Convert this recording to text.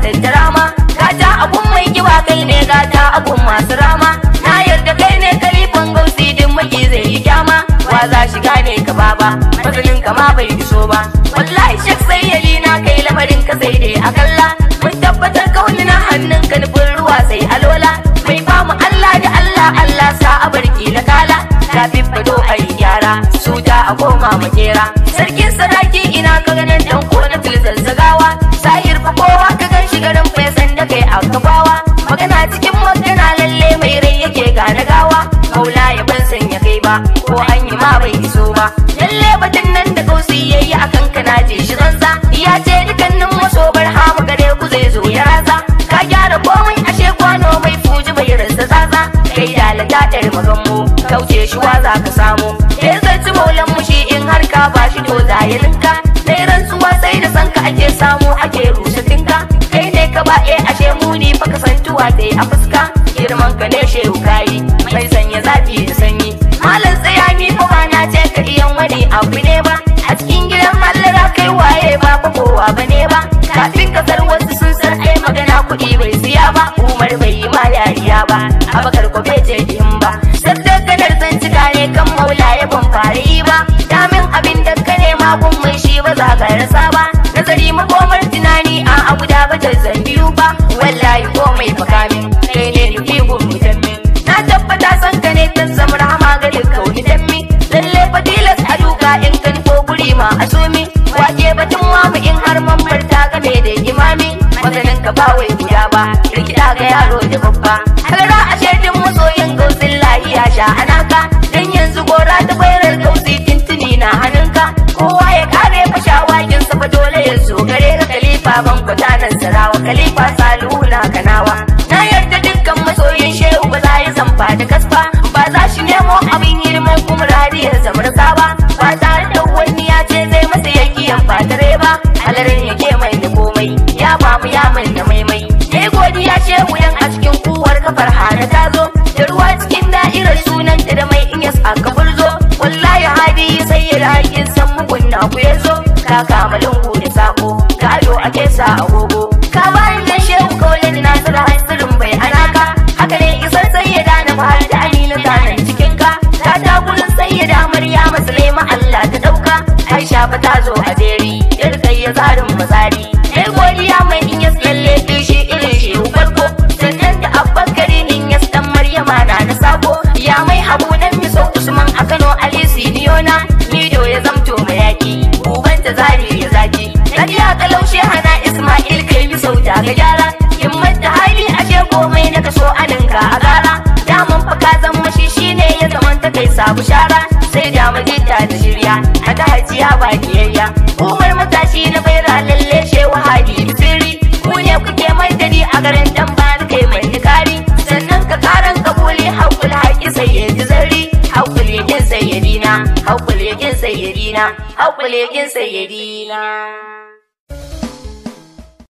da drama gata abun mai kiwa kai ne gata abun masu rama na yarda kai ne kalifan gausi din maki zai yi kyama wa za shiga ne ka ba mazalin ka ma bai iso ba wallahi shek sai yali na kai lamarin ka sai dai akalla mun tabbatar kauni na hannun ka nufin ruwa sai alola mai famu Allah da Allah Allah sa a barki na kala ta fiffado a yi gyara su ta a koma makera sarkin sadaki ina ka ganin danko na filzar zagawa sahir fa kowa amma bai iso ba lalle batun nan da kausi ya yi a na je shi zanza ya ce dukannin maso bar hamu gare ku zai zo ya raza ka gyara komai ashe kwano mai fuji bai rasa zaza kai dalata ɗar magammu kauce shi wa za ka samu ya zanci maulan mu shi in har ka ba shi to ninka. sai rantsuwa sai da sanka ake samu ake rusatinka kai ne ka ba e ashe muni fa kasantuwa dai a fuska bai je ihim ba sadakanar zan cika ne kan maula ya ban fari ba damin abin da ka nema gun mai shi ba za ka rasa ba nazari makomar tunani a abu da ba ta zan biyu ba wallahi komai fakamin kai ne nufi gun mutammin na tabbata san ka ne ta zama rahama ga dukkan dammi lalle fa tilas a duka in kan ko guri ma a sumi wake batun mamu in har mambar ga mai da imami masanin ka ba wai guda ba rikida ga yaro da babba har a sha anaka dan yanzu gora ta gwairar kausi tintini na hannunka kowa ya kare fasha wakin sa dole ya zo gare ka kalifa ban kwata sarawa kalifa saluna kanawa na yarda dukkan masoyin shehu ba za yi zamfa da kasfa ba za shi nemo abin hirman kuma radiyar zamar ba ba tare da wani ya ce zai masa yaki yan fatare ba halarin yake mai da komai ya babu ya mai da maimai sunan sunanta da mai inyas a zo, wallahi hadi sai ya hakin san mugunna ku ya zo ka kama lungu da sako a ake sa agogo ka bayan da shehu kaulin nasir hasirin bai anaka haka ne isar da na fahar da aminu tanan cikin ka ta ta gurin ya maryama sulaiman allah ta dauka aisha fa ta zo a sai da mu ta da shirya a ta hajiya ba kiyayya umar matashi na baira lalle she wahabi sirri ku ne kuke mai dadi a garin dan ba kai mai nikari sannan ka karan kabuli haƙul haƙi sai ya ji zari haƙul yakin sayyidina haƙul yakin sayyidina yakin sayyidina